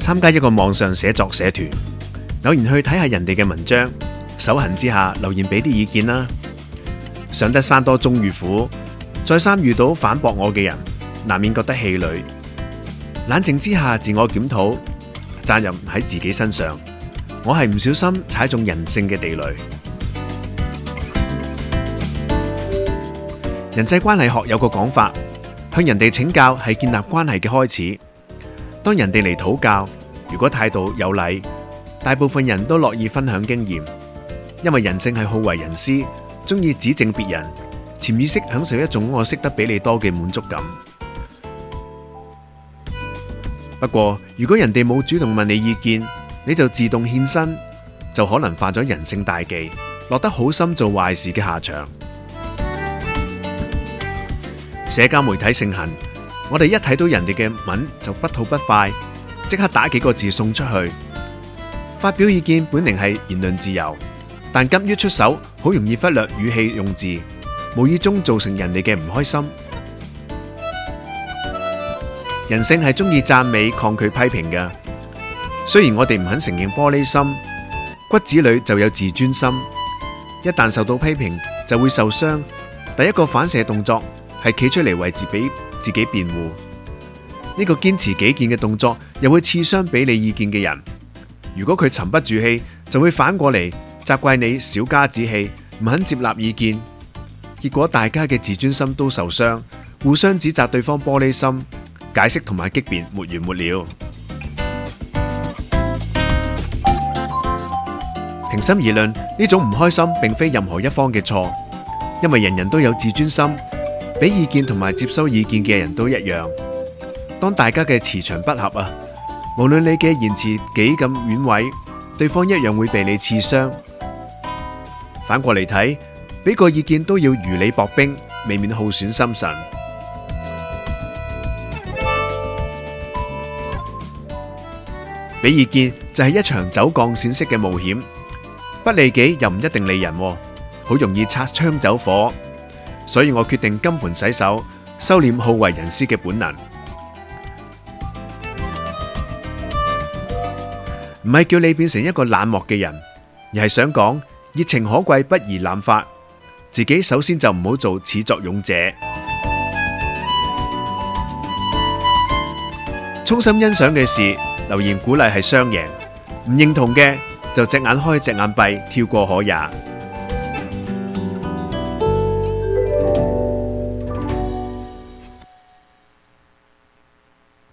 參加一個網上寫作社團，偶然去睇下人哋嘅文章，手痕之下留言俾啲意見啦。上得山多終遇虎，再三遇到反駁我嘅人，難免覺得氣餒。冷靜之下自我檢討，責任喺自己身上。我係唔小心踩中人性嘅地雷。人際關係學有個講法，向人哋請教係建立關係嘅開始。當人哋嚟討教，如果態度有禮，大部分人都樂意分享經驗，因為人性係好為人師，中意指正別人。潛意識享受一種我識得比你多嘅滿足感。不過，如果人哋冇主動問你意見，你就自動獻身，就可能犯咗人性大忌，落得好心做壞事嘅下場。社交媒體盛行。我哋一睇到人哋嘅文就不吐不快，即刻打幾個字送出去。發表意見本嚟係言論自由，但急於出手，好容易忽略語氣用字，無意中造成人哋嘅唔開心。人性係中意讚美，抗拒批評嘅。雖然我哋唔肯承認玻璃心，骨子裏就有自尊心。一旦受到批評，就會受傷。第一個反射動作係企出嚟為自己。自己辯護，呢個堅持己見嘅動作又會刺傷俾你意見嘅人。如果佢沉不住氣，就會反過嚟責怪你小家子氣，唔肯接納意見。結果大家嘅自尊心都受傷，互相指責對方玻璃心，解釋同埋激辯，沒完沒了。平心而論，呢種唔開心並非任何一方嘅錯，因為人人都有自尊心。俾意見同埋接收意見嘅人都一樣，當大家嘅磁場不合啊，無論你嘅言辭幾咁委婉，對方一樣會被你刺傷。反過嚟睇，俾個意見都要如履薄冰，未免耗損心神。俾意見就係一場走鋼線式嘅冒險，不利己又唔一定利人，好容易擦槍走火。所以我決定金盆洗手，收斂好為人師嘅本能。唔係叫你變成一個冷漠嘅人，而係想講，熱情可貴，不宜濫發。自己首先就唔好做始作俑者。衷心欣賞嘅事，留言鼓勵係雙贏。唔認同嘅就隻眼開隻眼閉，跳過可也。